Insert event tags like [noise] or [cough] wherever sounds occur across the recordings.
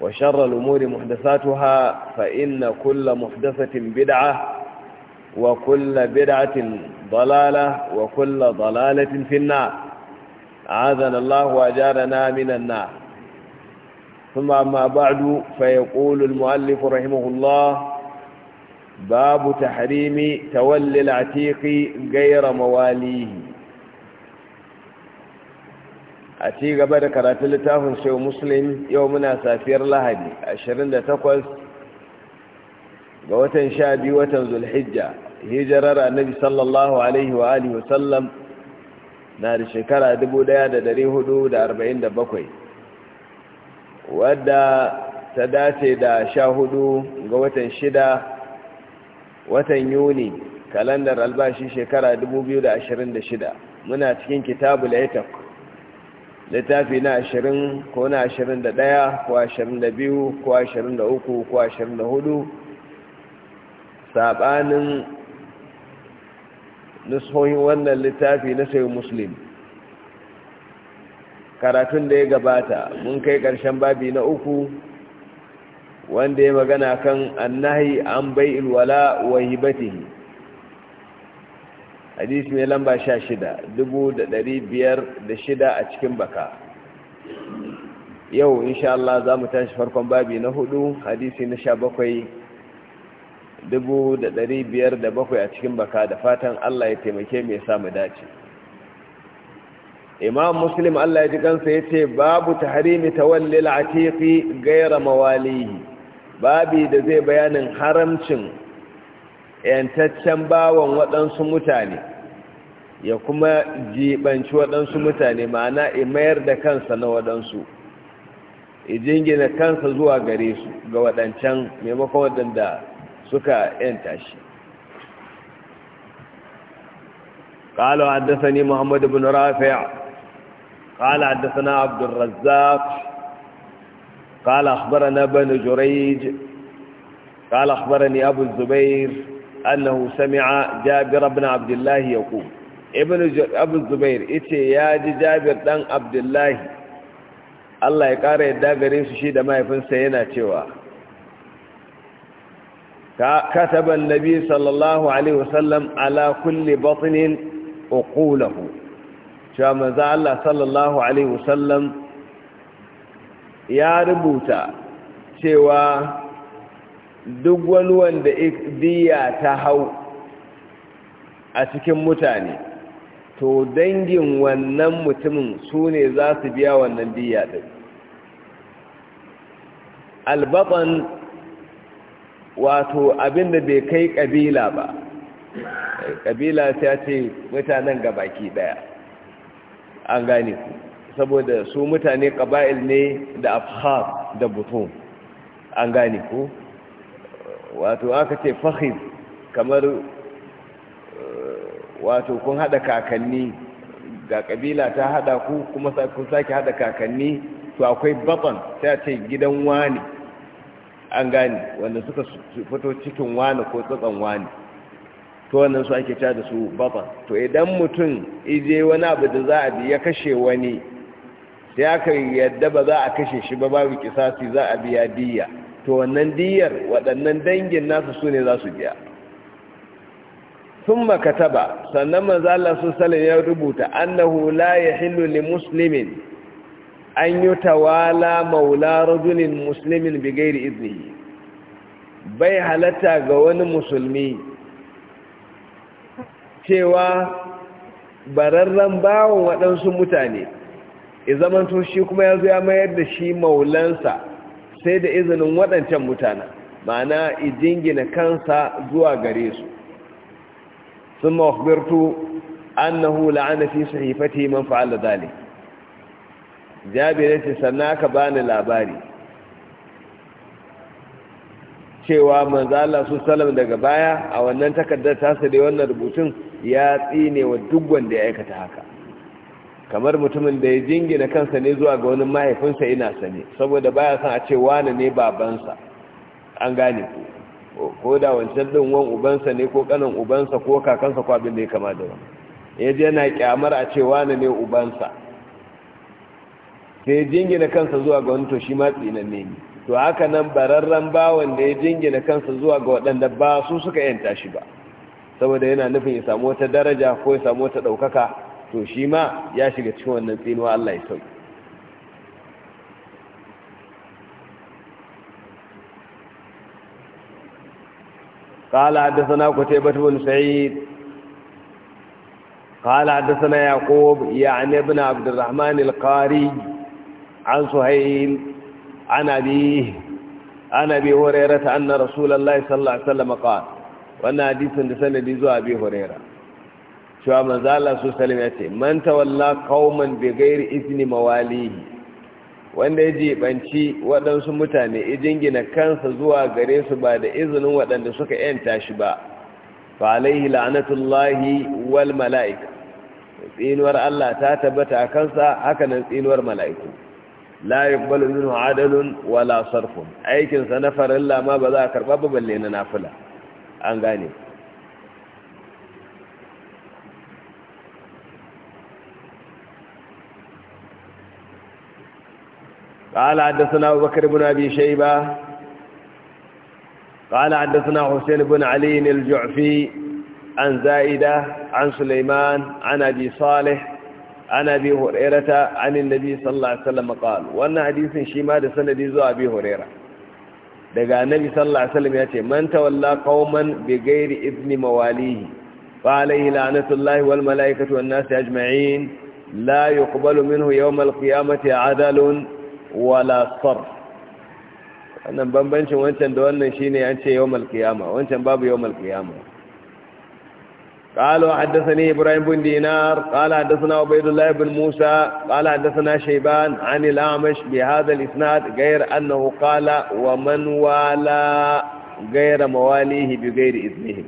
وشر الأمور محدثاتها فإن كل محدثة بدعة وكل بدعة ضلالة وكل ضلالة في النار عاذنا الله وأجارنا من النار ثم أما بعد فيقول المؤلف رحمه الله باب تحريم تولي العتيق غير مواليه a ci gaba da karatun littafin shehu muslim yau muna safiyar lahadi 28 ga watan sha biyu watan zulhijja hijirar annabi sallallahu alaihi wa alihi wasallam na da shekara 1447 wadda ta dace da sha hudu ga watan shida watan yuni kalandar albashi shekara 2026 muna cikin kitabul aitak littafi na ashirin ko na ashirin da ɗaya ko ashirin da biyu ko ashirin da uku ko ashirin da hudu saɓanin nusohin wannan littafi na sayi muslim karatun da ya gabata mun kai ƙarshen babi na uku wanda ya magana kan annahi an bai ilwala wa hibatihi hadisi mai lamba sha shida dubu da ɗari biyar da shida a cikin baka yau insha Allah za mu tashi farkon babi na hudu hadisi na sha bakwai dubu da ɗari biyar da bakwai a cikin baka da fatan Allah ya taimake mai mu dace imam muslim Allah ya ji kansa ya ce babu ta harimi ta a la'atifi gaira mawalihi babi da zai bayanin haramcin yantaccen bawan waɗansu mutane ya kuma jibanci waɗansu mutane ma'ana mayar da kansa na waɗansu jingina kansa zuwa gare su ga waɗancan maimakon waɗanda suka yanta shi قال حدثني محمد بن رافع قال حدثنا عبد الرزاق قال أخبرنا بن جريج قال أخبرني أبو الزبير annahu sami'a jabir ibn abdullah yaqul ibn abu zubair yace ya ji jabir ɗan abdullah Allah ya kara yadda gare su shi da mahaifinsa yana cewa كتب النبي صلى الله عليه وسلم على كل بطن أقوله شام زعل صلى الله عليه وسلم يا ربوتا شوى duk wani wanda diya ta hau a cikin mutane to dangin wannan mutumin su ne za su biya wannan diya ɗin albaban wato abinda bai kai ƙabila ba ƙabila ta ce mutanen gabaki ɗaya an gane ku saboda su mutane ƙaba'il ne da afhar da buton an gane ku wato aka ce Fahim kamar uh, wato kun hada kakanni ga kabila ta hada ku kuma kun sake hada kakanni to akwai baban ta ce gidan wani an gane wanda suka fito cikin wani ko tsakan wani to wannan su ake da su baban to idan mutum ije wani abu da za a bi ya kashe wani sai aka yadda ba za a kashe shi ba babu kisasi za a biya biya. to wannan diyar waɗannan dangin nasu su ne za su biya sun makataba sannan manzala su salin ya rubuta annahu la ya hillu li musulmin an yi tawala maula rajulin musulmin bigairi izini bai halatta ga wani musulmi cewa bararren bawon waɗansu mutane izamantoshi kuma ya zo ya mayar da shi maulansa sai da izinin waɗancan mutane ma'ana ijingina kansa zuwa gare su sun na annahu ana fi su haifati man fa'ala dhalik jabir ce sannan aka bani labari cewa Manzala su salam daga baya a wannan takardar tasiri wannan rubutun ya tsine wa duk wanda ya aikata haka kamar mutumin da ya jingina kansa ne zuwa ga wani mahaifinsa ina sani, saboda baya san a ce wani ne babansa an gane ku ko da wancan din wan ubansa ne ko kanin ubansa ko kakansa ko abin da ya kama da wani je yana kyamar a ce wani ne ubansa sai ya jingina kansa zuwa ga wani to shi ma tsinan ne to haka nan bararren bawan da ya jingina kansa zuwa ga waɗanda ba su suka yanta shi ba saboda yana nufin ya samu wata daraja ko ya samu wata ɗaukaka to shi ma ya shiga cikin wannan tsinuwa Allah ya sauke kala haddasana kutaibat bin sa'id kala haddasana yaqub ya'ni ibn abdurrahman al-qari an suhayl an abi an abi hurairah anna rasulullahi sallallahu alaihi wasallam wannan hadisin da sanadi zuwa abi hurairah cewa manzo su ya ce manta tawalla kauman bi gairi izni mawalihi wanda ya jibanci waɗansu mutane ya kansa zuwa gare su ba da izinin waɗanda suka yanta shi ba fa alaihi la'natullahi wal mala'ika tsinuwar Allah ta tabbata a kansa haka nan tsinuwar mala'iku la yuqbalu minhu adalun wala sarfun aikin sa na farilla ma ba za a karba ba balle na nafila an gane قال حدثنا أبو بكر بن أبي شيبة قال حدثنا حسين بن علي الجعفي عن زائدة عن سليمان عن أبي صالح عن أبي هريرة عن النبي صلى الله عليه وسلم قال وأن حديث شيما دسنة ديزو أبي هريرة daga annabi sallallahu alaihi wasallam yace man tawalla qauman bi ghairi izni mawalihi fa alayhi la'natullahi wal malaikatu wan nasi ajma'in la yuqbalu minhu yawm al adalun wala sar wannan bambancin wancan da wannan shine an ce yawmal qiyama wancan babu yawmal qiyama قال حدثني ابراهيم بن دينار قال حدثنا عبيد الله بن موسى قال حدثنا شيبان عن الاعمش بهذا الاسناد غير انه قال ومن والى غير مواليه بغير اذنه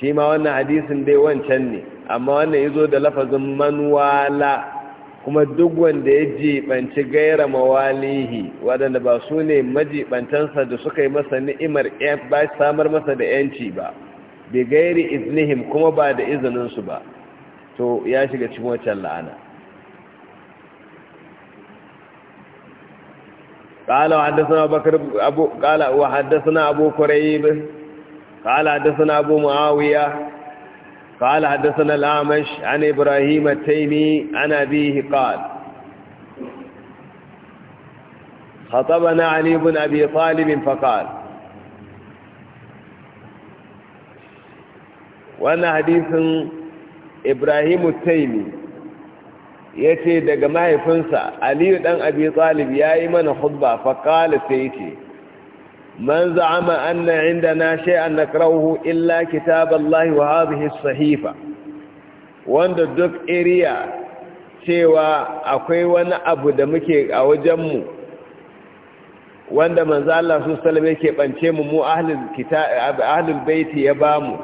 شيما wannan hadisin dai wancan ne amma wannan yazo da lafazin man wala kuma duk wanda ya jibanci gaira mawalihi waɗanda ba su ne majibantansa da suka yi masa ni'imar ba samar masa da yanci ba bi gairi iznihim kuma ba da izininsu ba to ya shiga cikin waccan la'ana قال وحدثنا بكر أبو قال وحدثنا أبو كريب قال حدثنا abu معاوية قال حدثنا الأعمش عن إبراهيم التيمي عن أبيه قال خطبنا علي بن أبي طالب فقال وانا حديث إبراهيم التيمي yace daga mahaifinsa aliyu dan abi talib yayi mana khutba fa qala sai yace من زعم أن عندنا شيئا نكرهه إلا كتاب الله وهذه الصحيفة وند دك إريا cewa akwai wani abu da muke a wajenmu wanda manzo Allah salama yake bance mu mu ahlul baiti ya bamu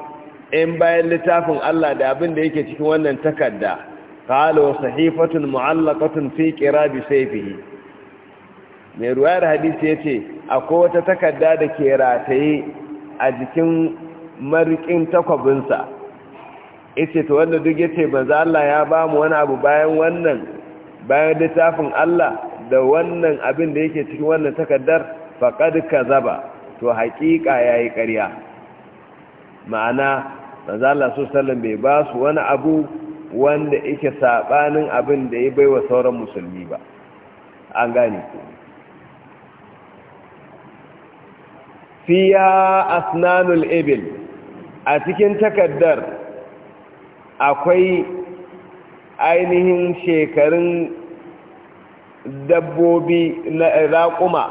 in bayan littafin Allah da abin da yake cikin wannan takarda qala wa sahifatun mu'allaqatun fi qirabi sayfihi mai da hadisi ya ce akwai wata takarda da ke rataye a jikin marikin takwabinsa ita ta wanda duk ya ce banza Allah ya ba mu wani abu bayan wannan bayan littafin Allah da wannan abin da yake cikin wannan takardar faƙad ka zaba to haƙiƙa ya yi ƙarya ma'ana banza Allah su sallan bai ba su wani abu wanda yake saɓanin abin da ya baiwa sauran musulmi ba an gane fiya asnanul ibil a cikin takaddar akwai ainihin shekarun dabbobi na raƙuma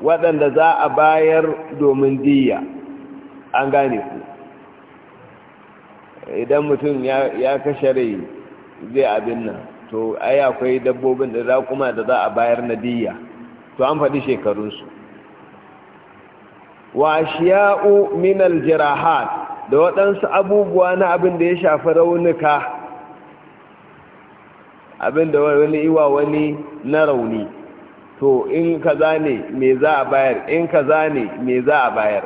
waɗanda za a bayar domin diya an gane ku idan mutum ya kashe rai zai abin nan to ai akwai dabbobin da kuma da za a bayar na diya to an faɗi shekarunsu wa shiya'u min jirahat da waɗansu abubuwa na abin da ya shafi raunuka abin da wani iwa wani na rauni to in kaza ne me za a bayar in kaza ne me za a bayar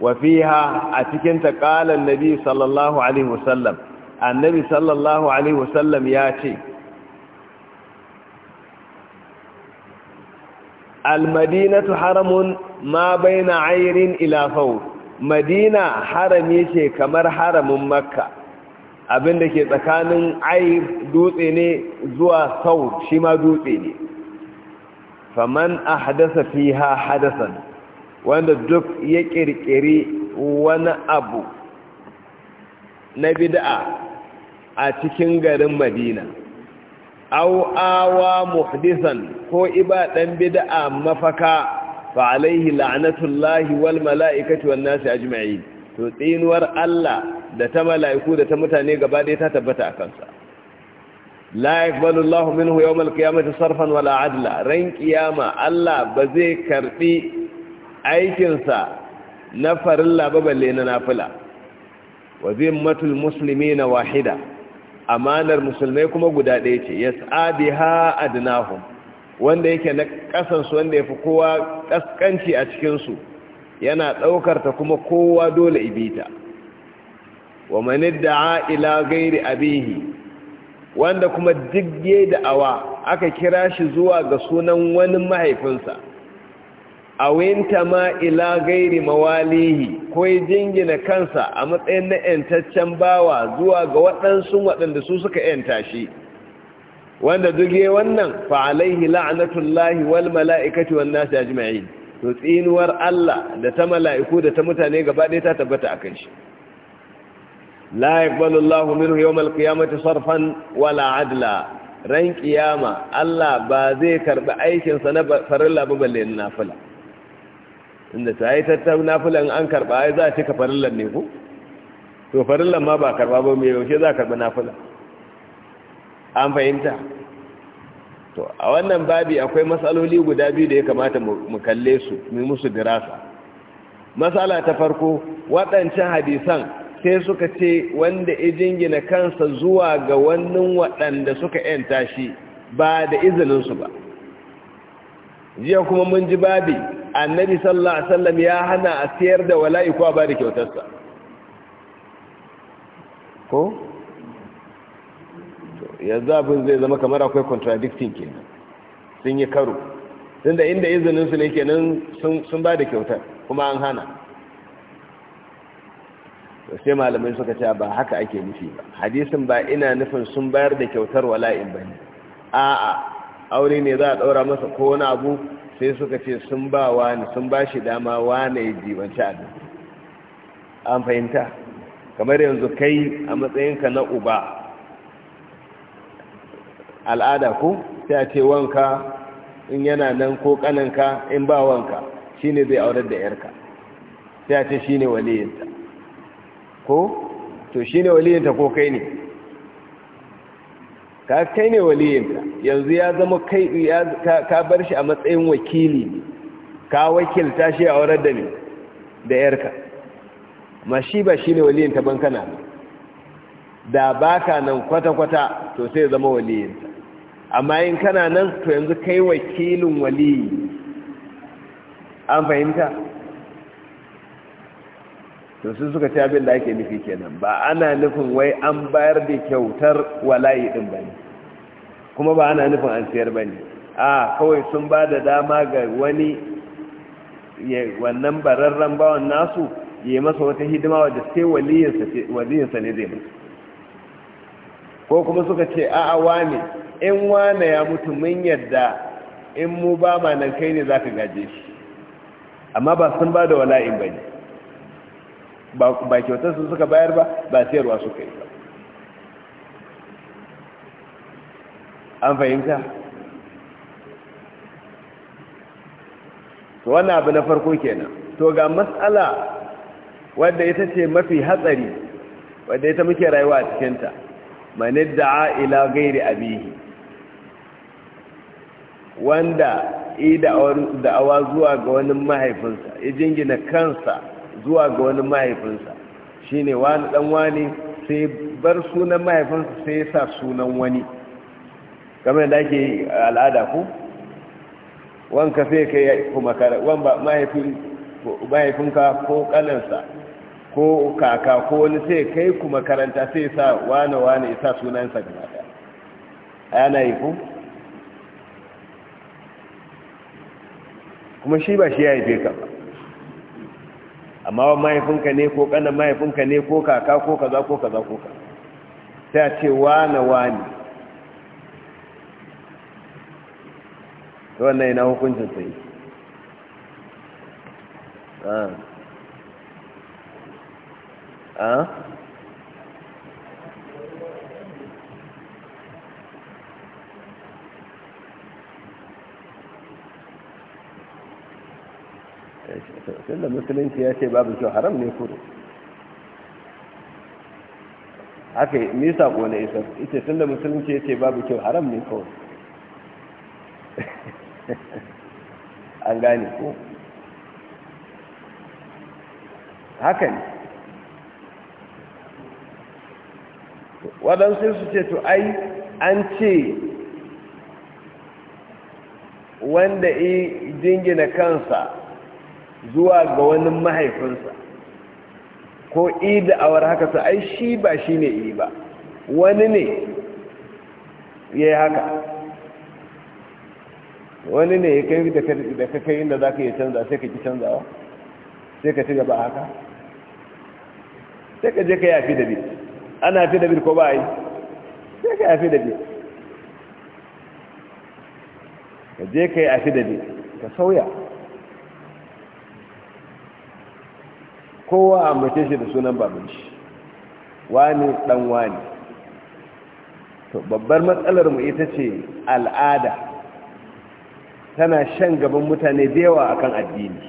wafiha a cikin taqalan nabi sallallahu alaihi wasallam annabi sallallahu alaihi wasallam ya ce almadinatu haramun ma baina ayrin ila faur madina harami ce kamar haramin makka abinda ke tsakanin ayr dutse ne zuwa sau shi ma dutse ne faman ahdasa fiha hadasan wanda duk ya kirkiri wani abu na bid'a a cikin garin madina aw awa muhdisan ko iba dan bid'a mafaka fa alaihi la'natullahi wal mala'ikati wan nasi ajma'in to tsinuwar Allah da ta mala'iku da ta mutane gaba dai ta tabbata a kansa la yaqbalu Allahu minhu yawm al-qiyamati sarfan wala adla ran qiyama Allah ba zai karbi aikinsa na farilla ba balle na nafila wa zimmatul muslimina wahida amanar musulmai kuma guda ɗaya ce ya yas'a biha adnahum wanda yake na ƙasansu wanda ya fi kowa ƙasƙanci a cikinsu yana ɗaukar ta kuma kowa dole ibita wa da ila gairi abihi wanda kuma duk da awa aka kira shi zuwa ga sunan wani mahaifinsa a winta ma ila gairi mawalihi ko jingina kansa a matsayin na ‘yantaccen bawa zuwa ga waɗansu waɗanda su suka ‘yanta shi wanda duge wannan fa'alaihi la'anatullahi wal mala'ikati wan nasu ajma'in to tsinuwar Allah da ta mala'iku da ta mutane gaba ɗaya ta tabbata a kan shi la yaqbalu Allahu minhu qiyamati sarfan wala adla ran kiyama Allah ba zai karbi aikinsa na farilla ba balle na nafila inda ta yi tattauna filan an karɓa ai za a cika farillan ne ko to farillan ma ba karɓa ba mai yaushe za a karɓi nafila an fahimta to a wannan babi akwai matsaloli guda biyu da ya kamata mu kalle su mu musu dirasa matsala ta farko waɗancan hadisan sai suka ce wanda ya jingina kansa zuwa ga wannan waɗanda suka yanta shi ba da izininsu ba jiya kuma mun ji babi annabi sallallahu alaihi wasallam ya hana a siyar da wala'i ko ba da kyautarsa ko yanzu abin zai zama kamar akwai contradicting kenan sun yi karo tunda inda izinin su ne kenan sun ba da kyautar kuma an hana sai malamai suka ce ba haka ake nufi ba hadisin ba ina nufin sun bayar da kyautar wala'in ba ne a'a aure ne za a daura masa ko wani abu sai suka ce sun ba wani sun ba shi dama wane ya jibanci abin an fahimta kamar yanzu kai a matsayinka na uba al'ada ko sai a ce wanka in yana nan ko kananka in ba wanka shine zai aurar da yarka sai a ce shine waliyinta ko to shine waliyinta ko kai ne ka kai ne waliyinka yanzu ya zama kai ka bar shi a matsayin wakili ne ka wakilta shi a wurin da ne da yarka ma shi ba shi ne waliyinta ban kana da baka nan kwata-kwata to sai zama waliyinta amma in kana nan to yanzu kai wakilin waliyi an fahimta to sun suka ce abin da ake nufi kenan ba ana nufin wai an bayar da kyautar walayi din bane kuma ba ana nufin an siyar bane a kawai sun ba da dama ga wani wannan bararren bawan nasu yi masa wata hidima wadda sai waliyinsa ne zai mutu ko kuma suka ce a'a wane in wane ya mutu mun yadda in mu ba ma nan kai ne za ka gaje shi amma ba sun ba da wala'in ba ne ba kyautar su suka bayar ba ba sayarwa suka yi ba an fahimta to wannan abu na farko kenan to ga matsala wadda ita ce mafi hatsari wadda ita muke rayuwa a cikinta manid da'a ila gairi abihi wanda i da'awa zuwa ga wani mahaifinsa ya jingina kansa zuwa ga wani mahaifinsa shine wani dan wani sai bar sunan mahaifinsa sai sa sunan wani kamar da ake al'ada ku wanka sai ka yi kuma kare ba mahaifinka ko kanansa ko kaka ko wani sai kai kuma karanta sai sa wani-wani isa sa sunansa gaba a yana yi ku kuma shi ba shi ya yi ka amma wa mahaifinka ne ko ƙanan mahaifinka ne ko kaka ko kaza ko kaza ko kaza sai a ce wane wane wannan yana hukuncin sai a ah. a ah? tunda musulunci ya ce babu kyau haram ne kudu haka ne saƙo na isa ita tunda musulunci ya ce babu kyau haram ne kawai [laughs] an gane ko haka ne waɗansu su ce to ai an ce wanda i jingina kansa zuwa ga wani mahaifinsa ko i awar haka sa ai shi ba shi ne i ba wani ne ya yi haka wani ne ya kai da ka kai inda za ka yi canza sai ka ki canzawa sai ka ci gaba haka sai ka je ka yi afi da bi ana fi da bi ko ba yi sai ka yi afi da bi ka je ka yi afi da bi ka sauya kowa a mace shi da sunan babin shi wani dan wani to babbar matsalar mu ita ce al'ada tana shan gaban mutane da yawa akan addini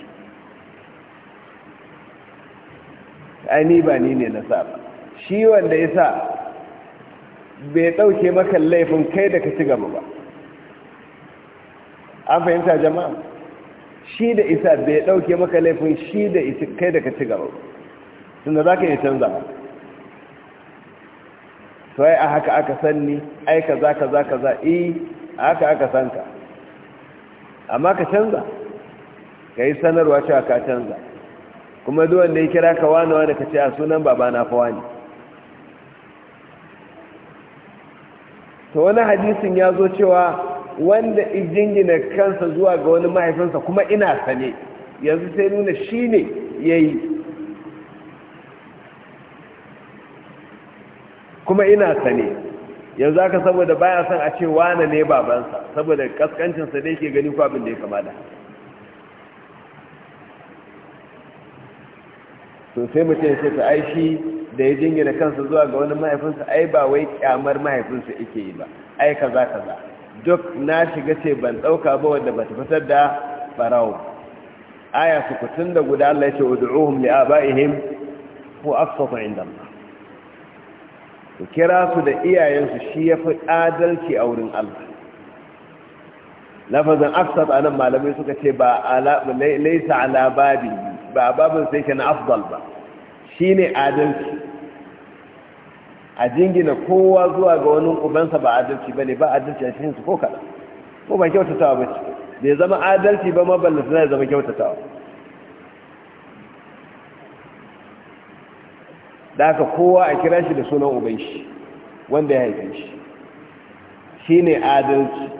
ni ba ni ne na saba. shi wanda ya sa bai ɗauke maka laifin kai da ka ci gaba ba an fahimta jama'a shi da isa bai dauke maka laifin shi da ita kai da ka ci gaba tunda za ka yi canza ba sai a haka aka sanni ai ka za ka za ka za i a haka aka san ka amma ka canza ka yi sanarwa cewa ka canza kuma duwan da ya kira ka wani wani ka ce a sunan baba na fa wani to wani hadisin ya zo cewa wanda jingina kansa zuwa ga wani mahaifinsa kuma ina sane yanzu sai nuna shi ne ya yi kuma ina sane yanzu aka saboda baya son a ce wane ne babansa saboda kaskancinsa da yake gani kwabin da ya kama da to sai mutum ya ce ta aishi da ya jingina kansa zuwa ga wani mahaifinsa ai ba wai kyamar mahaifinsa yake yi ba ai kaza kaza duk na shiga ce ban ɗauka ba wadda ba ta fitar da farawo. aya sukutun da guda Allah ya ce udu'uhum li ba'ihim ko afsata inda Allah ku kira su da iyayensu shi ya fi adalci a wurin Allah lafazin afsat a nan malamai suka ce ba laisa ala babi ba babin sai ke na afdal ba shi ne adalci a jingina kowa zuwa ga wani ubansa ba adalci ba ne ba adalci a cikinsu ko kaɗan ko ba kyautatawa ba ce bai zama adalci ba maballasa zai zama kyautatawa da aka kowa a kira shi da sunan ubanshi wanda ya haife shi shi ne adalci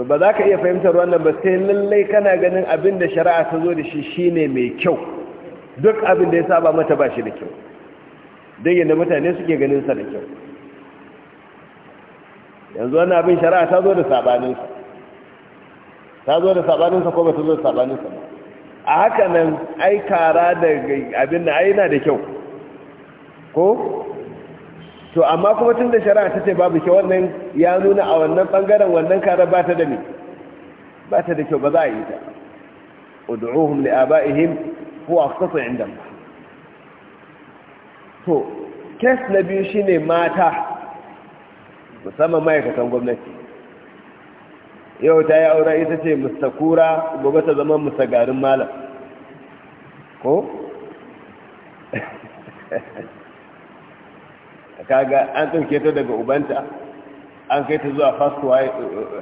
to ba za ka iya fahimtar wannan ba sai lallai kana ganin abin da shari'a ta zo da shi shine mai kyau duk abin da ya saba mata ba shi da kyau don yadda mutane suke ganin sa da kyau yanzu wannan abin shari'a ta zo da sabaninsa ta zo da sabaninsa ko ba ta zo da sabaninsa ba a haka nan ai kara da abin da ai na da kyau ko to amma kuma tun da shari'a ta ce babu kyau wannan ya nuna a wannan bangaren wannan karar ba ta da ne ba ta da kyau ba za a yi ta udu'uhum li aba'ihim huwa aqsatu inda to kes na biyu shine mata musamman ma'aikatan gwamnati yau ta yi aure ita ce mustakura gobe ta zama musagarin malam ko [laughs] kaga an ɗauke ta daga ubanta an kai ta zuwa first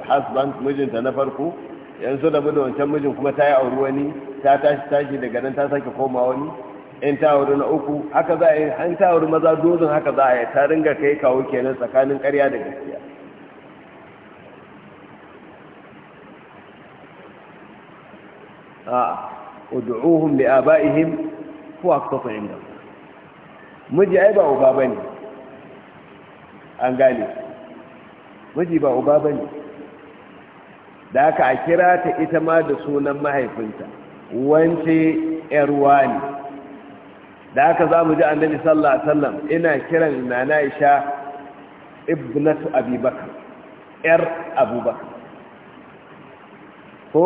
husband mijinta na farko yanzu da bude wancan mijin kuma ta yi auri wani ta tashi tashi daga nan ta sake koma wani in ta auri na uku haka za a yi an ta auri maza dozin haka za a yi ta ringa kai kawo kenan tsakanin ƙarya da gaskiya a'a ud'uhum li aba'ihim huwa aqsatu inda miji ai ba uba bane an gane miji ba uba ba ne da aka a kira ta ita ma da sunan mahaifinta wance yarwa ne da aka za mu ji annabi sallallahu alaihi wasallam ina kiran nana isha ibnatu abubakar yar abubakar ko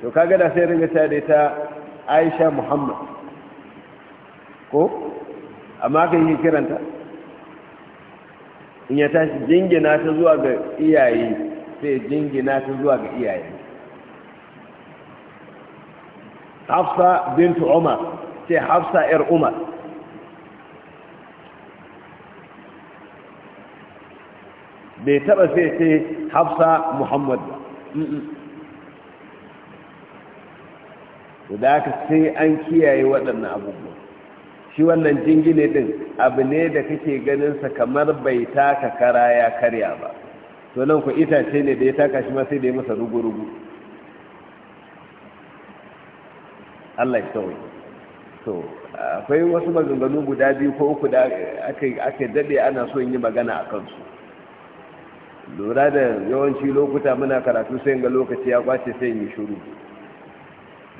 to kaga da sai ringa ta da ta aisha muhammad ko amma kan yi kiranta in ya tashi jingina ta zuwa ga iyaye sai jingina ta zuwa ga iyaye hafsa bintu umar sai hafsa yar umar bai taba sai sai hafsa muhammad ba da aka sai an kiyaye waɗannan abubuwa shi wannan jingine din abu ne da kake ganin sa kamar bai taka kara ya karya ba to nan ku itace ne da ya taka shi ma sai da ya masa rugu-rugu Allah ya sauye to akwai wasu maganganu guda biyu ko uku da aka dade ana so yi magana a kansu lura da yawanci lokuta muna karatu sai ga lokaci ya kwace sai yi shuru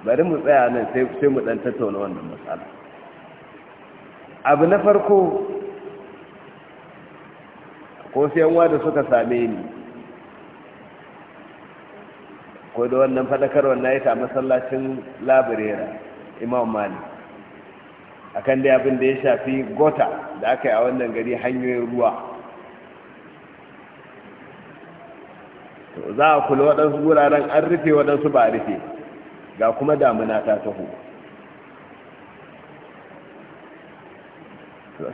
bari mu tsaya nan sai mu ɗan tattauna wannan matsala abu na farko ko siyanwa da suka same ni ko da wannan fadakarwar na yi ta masallacin labirera imam mali akan dai abin da ya shafi gota da aka yi a wannan gari hanyoyin ruwa za a kula waɗansu wuraren an rufe waɗansu ba rufe ga kuma damuna ta taho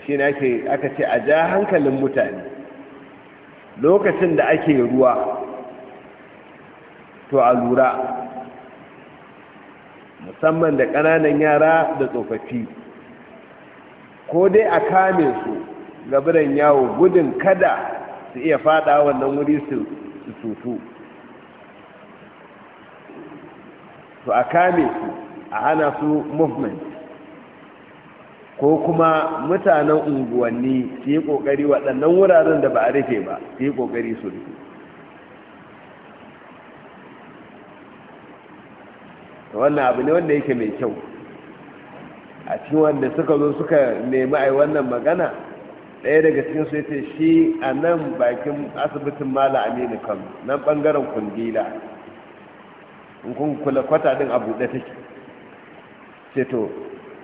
shi ne aka ce a ja hankalin mutane lokacin da ake ruwa to a lura musamman da ƙananan yara da tsofaffi ko dai a kame su gabiran yawo gudun kada su iya fada wannan wuri su tutu to a kame su a hana su movement ko kuma mutanen unguwanni su yi kokari waɗannan wuraren da ba a rufe ba su yi kokari su rufe wannan abu ne wanda yake mai kyau a cikin wanda suka zo suka nemi a wannan magana ɗaya daga cikin su yace shi a nan bakin asibitin mala aminu kan nan ɓangaren kundila in kun kula kwata ɗin a buɗe take ce to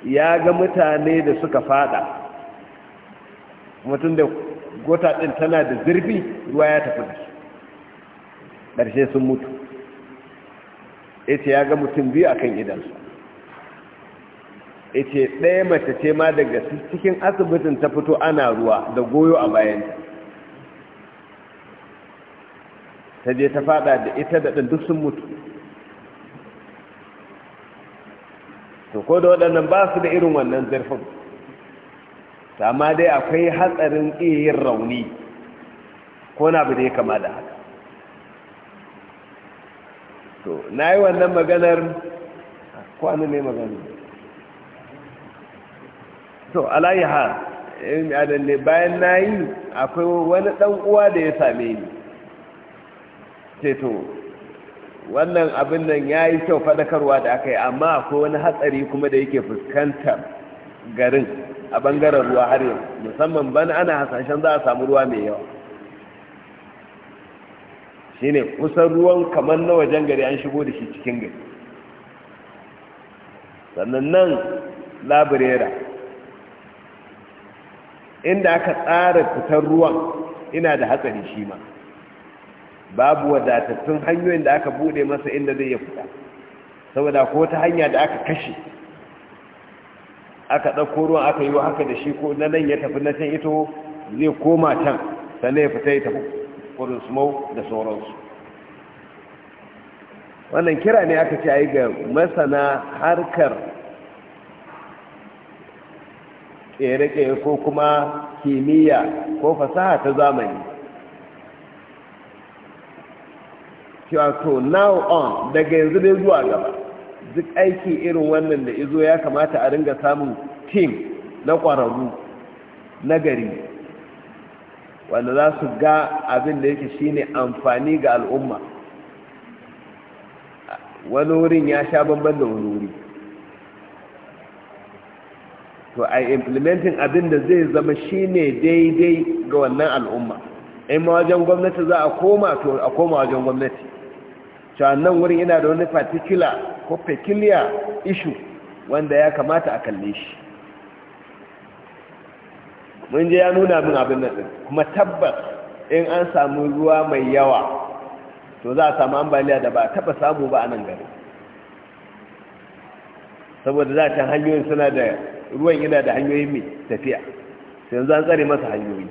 ya ga mutane da suka fada mutum da gota din tana da zurfi ruwa ya tafi da su ƙarshe sun mutu ita ya ga mutum biyu a kan idansu ita ɗaya mace ce ma daga cikin asibitin ta fito ana ruwa da goyo a bayanta ta je ta fada da ita da ɗin duk sun mutu to ko da waɗannan ba su da irin wannan zurfin ma dai akwai hatsarin iya rauni ko na bude kama da haka to na yi wannan maganar kwanan ne maganar to alayi ha yin adalle bayan na yi akwai wani ɗan uwa da ya same ni ce to wannan abin nan ya yi kyau faɗakarwa da aka yi amma akwai wani hatsari kuma da yake fuskantar garin a bangaren ruwa har yau musamman bana ana hasashen za a samu ruwa mai yawa shi ne kusan ruwan kamar na wajen gari an shigo da shi cikin gari sannan nan labirera inda aka tsara fitar ruwan ina da hatsari shi ma babu wadatattun hanyoyin da aka bude masa inda zai ya fita saboda ko ta hanya da aka kashe aka ɗauko ruwan aka yi wa haka da shi ko na nan ya tafi na can ito zai koma can sannan ya fita ya tafi kurin sumau da sauransu wannan kira ne aka ce a yi ga masana harkar ƙere-ƙere ko kuma kimiyya ko fasaha ta zamani cewa to now on daga yanzu dai zuwa gaba duk aiki irin wannan da izo ya kamata a ringa samun team na ƙwararru na gari wanda za su ga abin da yake shine amfani ga al'umma wani wurin ya sha bambam da wani wuri to a implementing abin da zai zama shine daidai ga wannan al'umma in ma wajen gwamnati za a koma to a koma wajen gwamnati cewa nan wurin yana da wani particular ko peculiar issue wanda ya kamata a kalle shi mun je ya nuna min abin nan kuma tabbas in an samu ruwa mai yawa to za a samu ambaliya da ba a taba samu ba a nan gari saboda za can hanyoyin suna da ruwan yana da hanyoyin mai tafiya sai yanzu an tsare masa hanyoyi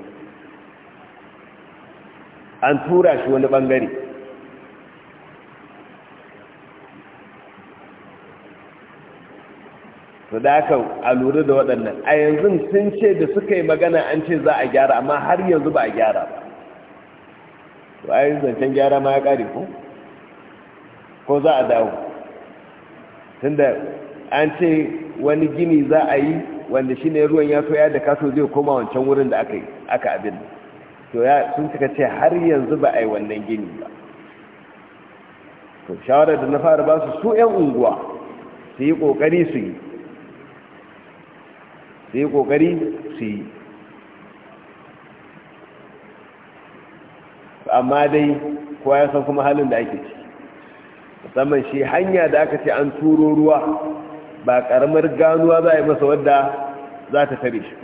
an tura shi wani bangare to da aka alura da waɗannan a yanzu sun ce da suka yi magana an ce za a gyara amma har yanzu ba a gyara ba to a zancen gyara ma ya ƙare ko ko za a dawo tunda an ce wani gini za a yi wanda shi ne ruwan ya soya da kaso zai koma wancan wurin da aka yi aka abin to ya sun suka ce har yanzu ba a yi wannan gini ba to shawarar da na fara ba su su 'yan unguwa su yi ƙoƙari su yi Sai yi kokari su yi amma dai kowa ya san kuma halin da ake ci musamman shi hanya da aka ce an turo ruwa ba karamar ganuwa za a yi masa wadda za ta tare shi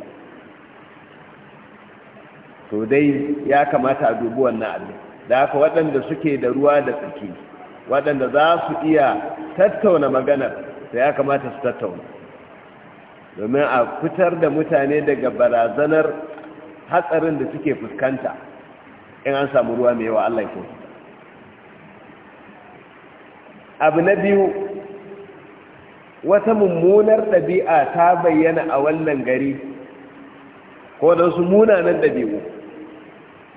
to dai ya kamata a dubi wannan abin, da aka waɗanda suke da ruwa da tsaki waɗanda za su iya tattauna maganar da ya kamata su tattauna domin a fitar da mutane daga barazanar hatsarin da suke fuskanta in an samu ruwa mai yawa Allah ko abu na biyu wata mummunar ɗabi'a ta bayyana a wannan gari ko don su munanan ɗabi'u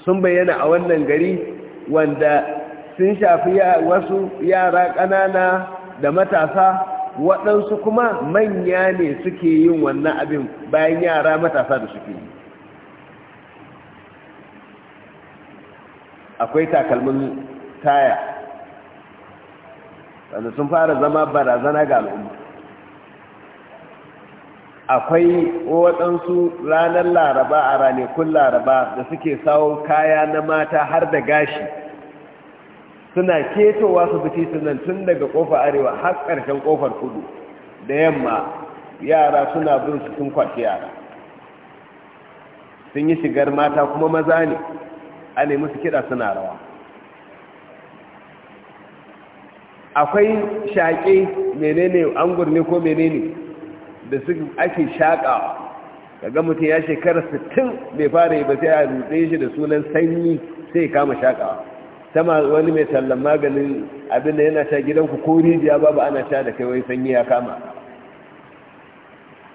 sun bayyana a wannan gari wanda sun shafi wasu yara ƙanana da matasa waɗansu kuma manya ne suke yin wannan abin bayan yara matasa da suke yi akwai takalmin taya wanda sun fara zama barazana ga al'umma akwai waɗansu ranar laraba a ranekun laraba da suke sawo kaya na mata har da gashi suna ketowa su fi nan tun daga kofar arewa har ƙarshen kofar kudu da yamma yara suna bin su sun kwashi yara sun yi shigar mata kuma maza ne a nemi su kiɗa suna rawa akwai shaƙe menene angur ne ko menene da su ake shaƙa daga mutum ya shekara sittin bai fara yi ba sai a rutse shi da sunan sanyi sai kama shaƙawa sama wani mai tallan maganin abin da yana ta gidanku ko rijiya babu ana sha da kai wai sanyi ya kama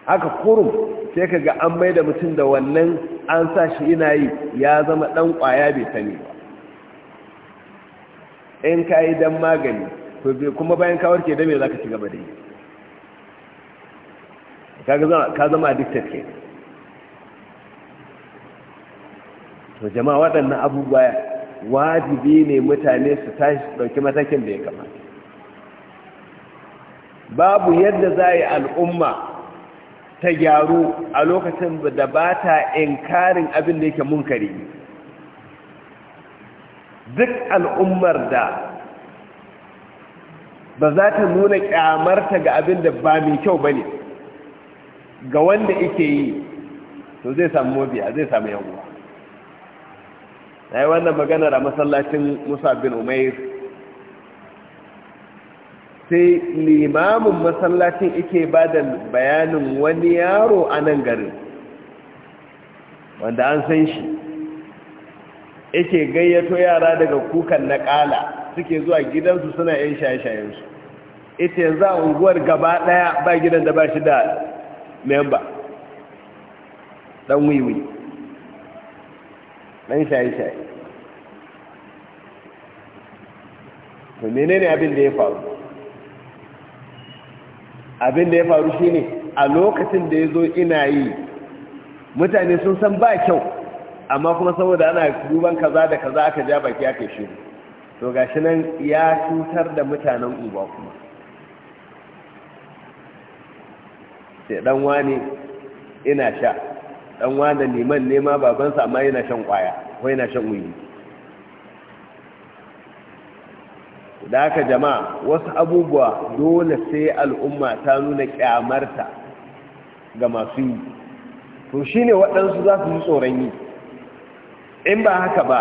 haka kurum sai ka ga an mai da mutum da wannan an sa shi ina yi ya zama ɗan ƙwaya bai sani ba in ka yi dan magani kuma bayan kawar ke dame za ka ci gaba da yi ka zama addicted ke to jama'a waɗannan abubuwa wajibi ne mutane su tashi su ɗauki matakin da ya kamata babu yadda za yi al'umma ta gyaru a lokacin da ba ta inkarin abin da yake munkari duk al'ummar da ba za ta nuna kyamarta ga abin da ba mai kyau ba ne ga wanda ike yi to zai samu mobiya zai samu yawuwa na yi wannan maganar a masallacin musa bin umair sai limamin masallacin ike ba da bayanin wani yaro a nan garin wanda an san shi Ike gayyato yara daga kukan na kala suke zuwa gidansu suna yin shaye-shayensu ita yanzu a unguwar gaba daya ba gidan da ba shi da memba ɗan wiwi ɗan shaye-shaye to menene abin da ya faru abin da ya faru shine a lokacin da ya zo ina yi mutane sun san ba kyau amma kuma saboda ana duban kaza da kaza aka ja baki aka shi to gashi nan ya cutar da mutanen uba kuma sai dan wani ina sha dan wanda liman nema ma babansa amma yana shan kwaya ko yana shan wuyi da haka jama'a wasu abubuwa dole sai al'umma ta nuna kyamarta ga masu yi to ne waɗansu za su yi tsoron yi in ba haka ba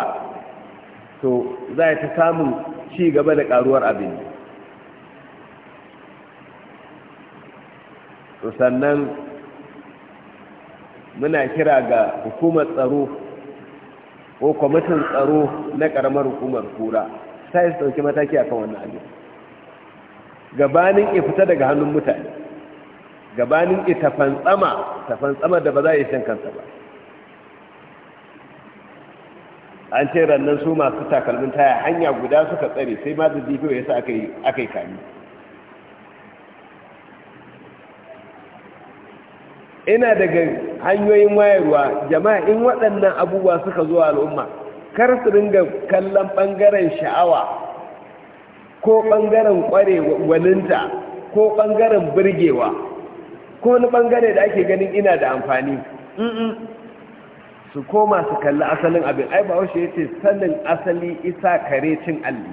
to za ta samun ci gaba da karuwar abin to sannan muna kira ga hukumar tsaro ko kwamitin tsaro na ƙaramar hukumar kura sai su ɗauki mataki akan wannan abin gabanin ifita fita daga hannun mutane gabanin ya tafantsama tafantsama da ba za a yi shan kansa ba an ce rannan su masu takalmin taya hanya guda suka tsare sai ma da dpo ya sa aka yi kami ina daga hanyoyin wayarwa jama'a in waɗannan abubuwa suka zo al'umma kar su ringa kallon ɓangaren sha'awa ko ɓangaren ƙware gwaninta ko ɓangaren birgewa ko wani ɓangare da ake ganin ina da amfani su koma su kalli asalin abin ai ba ya ce sanin asali isa kare cin alli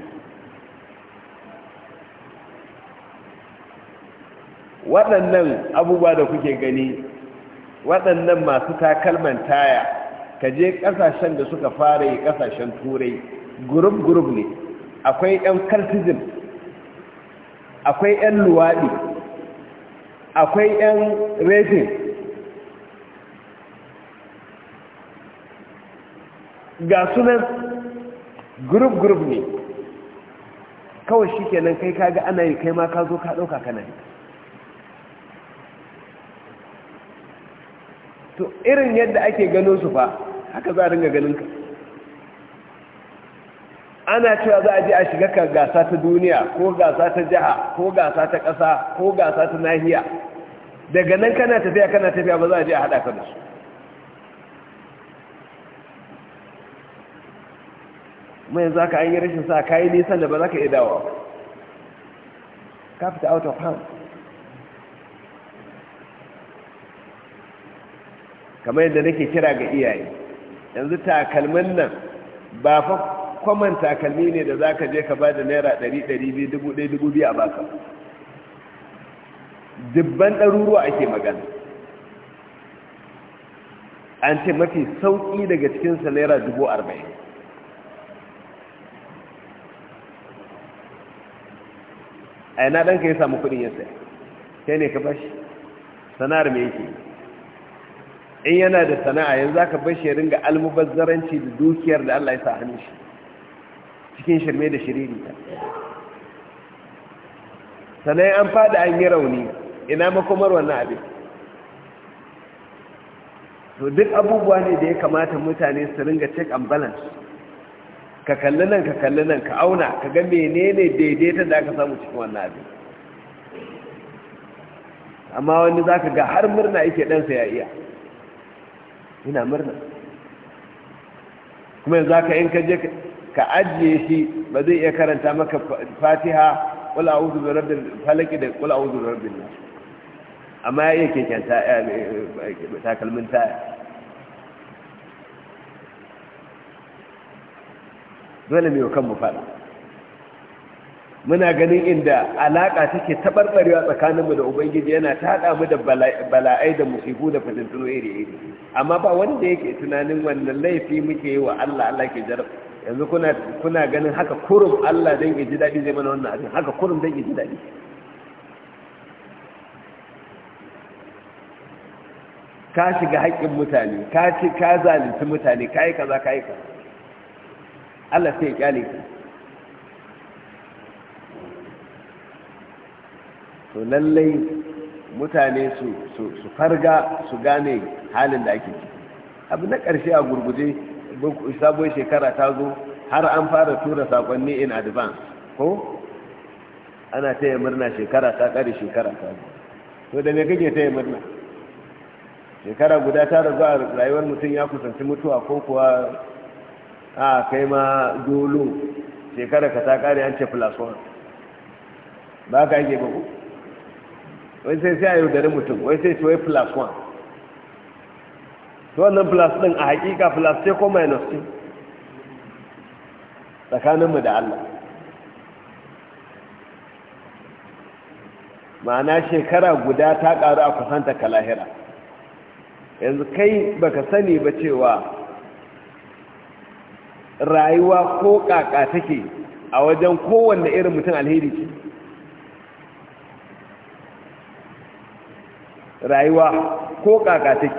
waɗannan abubuwa da kuke gani waɗannan masu takalman taya ka je ƙasashen da suka fara yi ƙasashen turai gurub-gurub ne akwai 'yan kartizm akwai 'yan luwaɗi akwai 'yan rejin ga sunan gurub-gurub ne kawai shi kenan kai kaga ana yi kai ma ka zo ka ɗauka kanan to irin yadda ake gano su fa haka za a ringa ganin ka ana cewa za a je a shiga ka gasa ta duniya ko gasa ta jiha ko gasa ta ƙasa ko gasa ta nahiya daga nan kana tafiya kana tafiya ba za a je a haɗa ka da su mai za ka an yi rashin sa kayi nisan da ba za ka iya dawa ka fita out of hand kamar yadda nake kira ga iyaye yanzu takalmin nan ba fa kwaman takalmi ne da za ka je ka ba da naira 100,000,000 a baka dubban ɗaruruwa ake magana an ce mafi sauƙi daga cikinsa naira 40,000 a yana ka yi samu kudin yasa Ta kai ne ka bashi sana'ar mai yake in yana da sana'a yanzu aka bashi ya ringa almubazzaranci da dukiyar da Allah ya sa hannun shi cikin shirme da shiriri ta sannan an fada an yi rauni ina makomar wannan abin to duk abubuwa ne da ya kamata mutane su ringa check and balance ka kalli nan ka kalli nan ka auna ka ga menene daidaita da aka samu cikin wannan abin amma wani za ka ga har murna yake ɗansa ya iya ina murna kuma yanzu haka in ka je ka ajiye shi ba zai iya karanta maka fatiha wala a'udhu bi rabbil falaq da wala a'udhu bi rabbin nas amma ya iya kekenta eh, eh, takalmin taya dole mai kan mu fada muna ganin inda alaƙa take taɓarɓarewa tsakaninmu da ubangiji yana taɗa mu da bala'ai da musibu da fitintunu iri-iri amma ba wanda yake tunanin wannan laifi muke yi wa Allah Allah ke jar yanzu kuna kuna ganin haka kurum Allah dan ya ji daɗi zai mana wannan abin haka kurum dan ya ji daɗi ka shiga haƙƙin mutane ka ci ka zalunci mutane kai kaza kai kaza Allah sai ya kyale ka to lallai mutane su farga su gane halin da ake ciki abu na ƙarshe a gurguje sabon shekara ta zo har an fara tura saƙonni in advance ko ana taya murna shekara ta ƙari shekara ta zo to da me kake taya murna shekara guda ta ragu a rayuwar mutum ya kusanci mutuwa ko kuwa a kai ma dolo shekara ka ta ƙari an ce plus one ba ka yake ba ku wai sai sai a yaudari mutum wai sai ce wai plus one to wannan plus ɗin a hakika plus ce ko minus ce tsakaninmu da Allah ma'ana shekara guda ta ƙaru a kusanta ka lahira yanzu kai baka sani ba cewa rayuwa ko ƙaƙa take a wajen kowanne irin mutum alheri ce rayuwa ko kaka take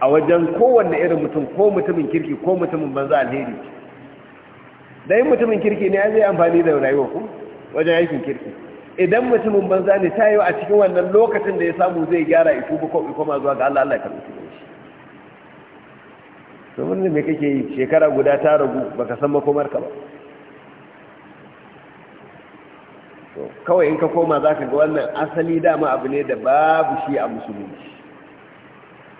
a wajen kowanne irin mutum ko mutumin kirki ko mutumin banza alheri da yin mutumin kirki ne ya zai amfani da rayuwa ku wajen aikin kirki idan mutumin banza ne ta yi a cikin wannan lokacin da ya samu zai gyara ito koma zuwa ga Allah Allah ya karɓi shi To domin me kake yi shekara guda ta ragu baka san makomar ka ba kawai in ka koma za ka ga wannan asali dama abu ne da babu shi a musulunci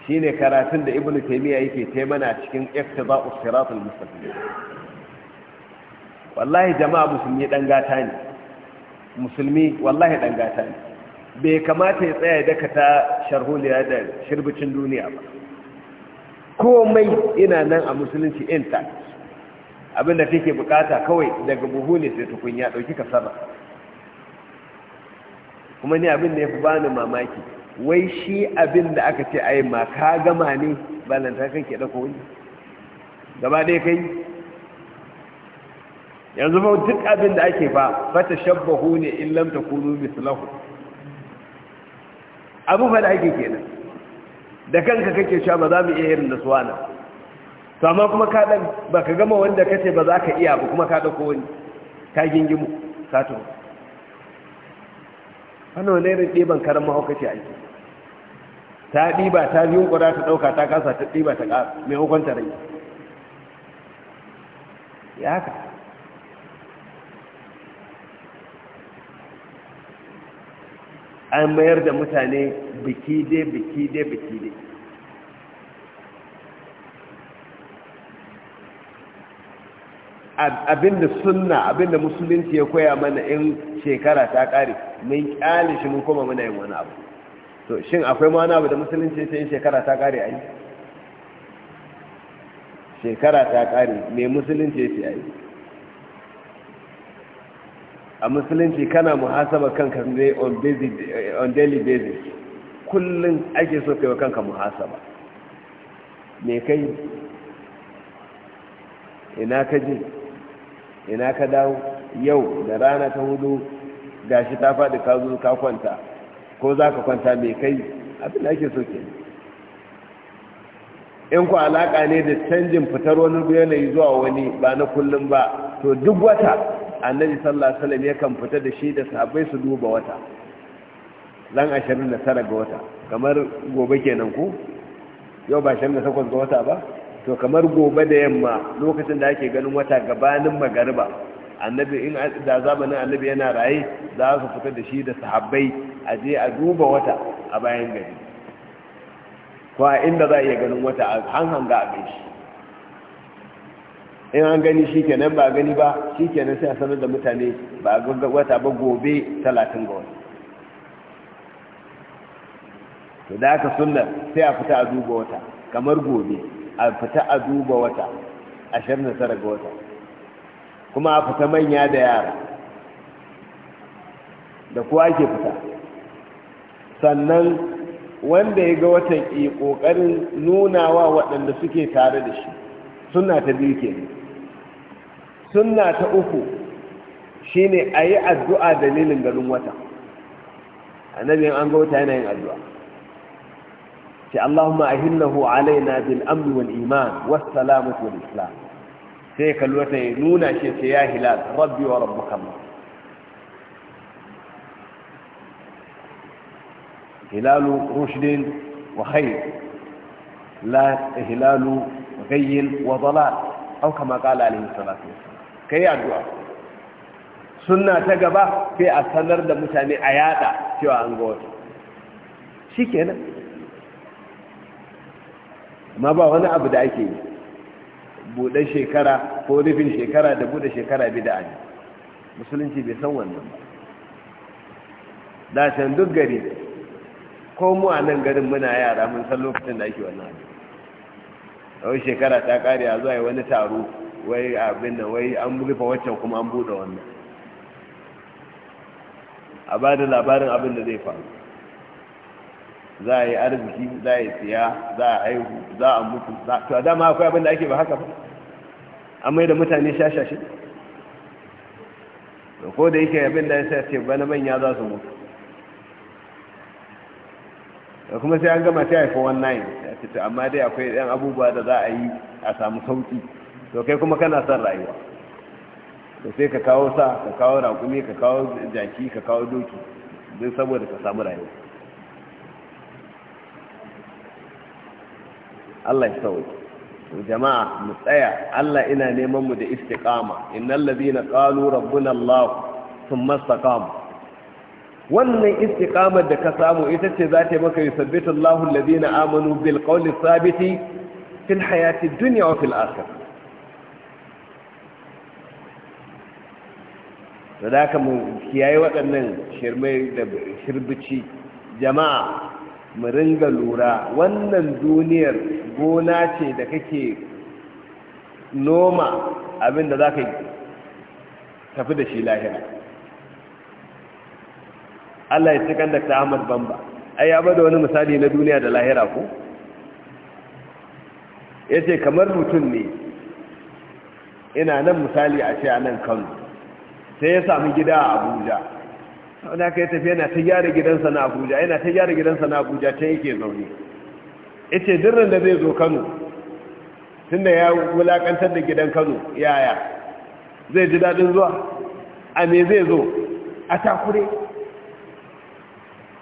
shi ne karatun da ibn taimiyya yake taimana cikin ƙyakta za a siratun musulmi wallahi jama'a musulmi ɗan gata ne musulmi wallahi ɗan gata ne bai kamata ya tsaye daga ta sharholiya da shirbicin duniya ba komai ina nan a musulunci intact abinda take bukata kawai daga buhu ne sai tukunya ya ɗauki kasar kuma ni abin da ya fi bani mamaki wai shi abin da aka ce a yi ma ka gama ne ba nan ta kake da koli gaba ɗaya kai yanzu ba duk abin da ake ba fata shabbahu ne in lam takunu misalahu. abu fa da ake kenan da kanka kake sha ba za mu iya irin da wana. to amma kuma ka dan ka gama wanda kace ba za ka iya ba kuma ka dauko wani ka gingimu ka to hannu ne da ɗiban karan mahaukaci aiki ta ɗiba ta yi ƙura ta ɗauka ta kasa ta ɗiba ta ƙasa mai hukunta rai ya ka an mayar da mutane biki dai biki dai biki dai abinda sunna abinda musulunci ya koya mana in shekara ta kare mun kyale shi mun koma muna yin wani abu to shin akwai wani abu da musulunci sai in shekara ta kare yi? shekara ta kare me musulunci sai yi a musulunci kana muhasaba kanka ne on daily basis kullum ake so kai wa kanka muhasaba me kai ina ka je ina ka dawo yau da rana ta hudu gashi ta faɗi ka zo ka kwanta ko za ka kwanta mai kai abin da ake so ke in ku alaƙa ne da canjin fitar wani yanayi zuwa wani ba na kullum ba to duk wata annabi sallallahu alaihi wasallam yakan fita da shi da sabai su duba wata ran 29 ga wata kamar gobe kenan ku? yau ba 28 ga wata ba to kamar gobe da yamma lokacin da ake ganin wata gabanin magariba annabi in da zamanin annabi yana raye za su fita da shi da sahabbai a je a duba wata a bayan gari ko a inda za a iya ganin wata a hanga a gaishe in an gani shi kenan ba gani ba shi kenan sai a sanar da mutane ba ga wata ba gobe talatin ga wata to da aka sunna sai a fita a duba wata kamar gobe a fita a duba wata tara ga wata kuma a fita manya da yara da kuwa ke fita sannan wanda ya ga watan ƙi e, ƙoƙarin wa waɗanda suke tare da shi suna ta biyu ke suna ta uku shine a yi addu'a dalilin garin wata annabin an ga wata yanayin addu'a ت اللهم اهله علينا بالامن والايمان والسلام والاسلام سيك الوتي نونا شيخ يا هلال ربي وربك الله هلال رشد وخير لا هلال غي وضلال او كما قال عليه الصلاه والسلام كي ادعو سنة تقبع في أسنر دمتاني آياتا شو أنقول شكرا ma ba wani abu da ake yi buɗe shekara ko rufin shekara da buɗe shekara da ne musulunci bai san wannan ba da duk gari ko mu a nan garin muna yara mun san lokacin da ake wannan abu wai shekara ta kare a zuwa wani taro wai abin da wai an rufe waccan kuma an buɗe wannan a ba da labarin abin da zai faru za a yi arziki za a yi siya, za a haihu za a mutu to a dama akwai abinda ake ba haka ba an mai da mutane shashashe da ko da yake abin da ya sa ce bana manya za su mutu da kuma sai an gama ta haifi wannan ya ce amma dai akwai yan abubuwa da za a yi a samu sauki to kai kuma kana son rayuwa to sai ka kawo sa ka kawo raƙumi ka kawo jaki ka kawo doki don saboda ka samu rayuwa Allah ya sauke jama'a mu tsaya Allah ina neman mu da istiqama innal ladina qalu rabbuna Allah thumma istaqamu wannan istiqamar da ka samu ita ce za ta maka yusabbitu Allahu alladhina amanu bil qawli thabiti fil hayati dunya wa fil akhirah da mu kiyaye waɗannan shirmai da shirbici jama'a mu ringa lura wannan duniyar gona ce da kake noma abin da za ka tafi da shi lahira Allah ya cikin da Ahmad Bamba ai ya bada wani misali na duniya da lahira ko ya ce kamar mutum ne ina nan misali a ce a nan kano sai ya sami gida a abuja sau da ka yi tafiya na ta gyara gidansa na abuja yana ta gyara gidansa na abuja ta yake zaune yace dirran da zai zo Kano tunda ya wulakantar da gidan Kano yaya zai ji daɗin zuwa a me zai zo a takure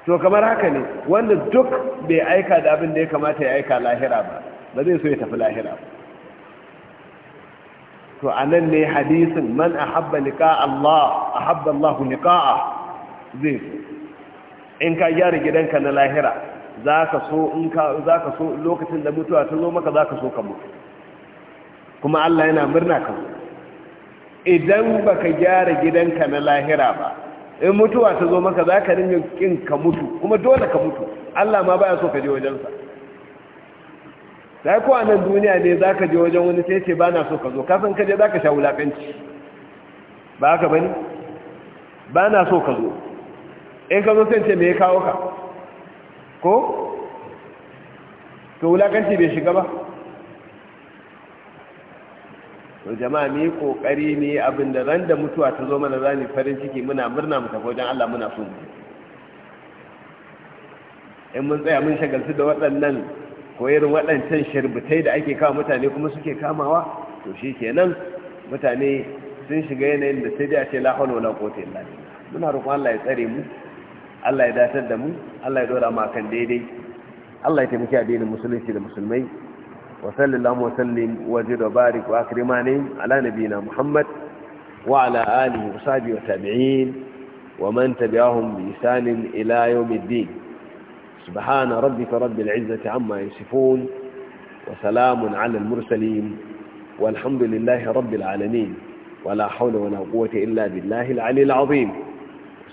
to kamar haka ne wanda duk bai aika da abin da ya kamata ya aika lahira ba ba zai so ya tafi lahira ba to a nan ne hadisin man a habba Allah ahabba Allah liqa'a zai in ka gyara gidanka na lahira zaka so in ka zaka so lokacin da mutuwa ta zo maka zaka so ka mutu kuma Allah yana murna ka idan baka gyara gidanka na lahira ba in mutuwa ta zo maka zaka rinka kin ka mutu kuma dole ka mutu Allah ma baya so ka je wajen sa sai ko a nan duniya ne zaka je wajen wani sai ce bana so ka zo ka san ka je zaka sha wulakanci ba haka Ba bana so ka zo in ka zo sai ce me ya kawo ka ko to wulakanci bai shiga ba to jama'a mi kokari ne abinda da ran da mutuwa ta zo mana zani farin ciki muna murna mu tafi wajen Allah muna so in mun tsaya mun shagaltu da waɗannan koyar waɗancan shirbitai da ake kawo mutane kuma suke kamawa to shi kenan mutane sun shiga yanayin da sai dai a ce la hawla wala quwwata illa muna roƙon Allah ya tsare mu Allah ya datar da mu Allah ya dora mu kan daidai Allah ya taimaki addinin musulunci da musulmai wa sallallahu wa sallim wa zid wa barik wa akrimani ala nabina Muhammad wa ala alihi wa sahbihi wa tabi'in wa man tabi'ahum bi ihsan ila yawm الدين سبحان ربك رب العزة عما يصفون وسلام على المرسلين والحمد لله رب العالمين ولا حول ولا قوة إلا بالله العلي العظيم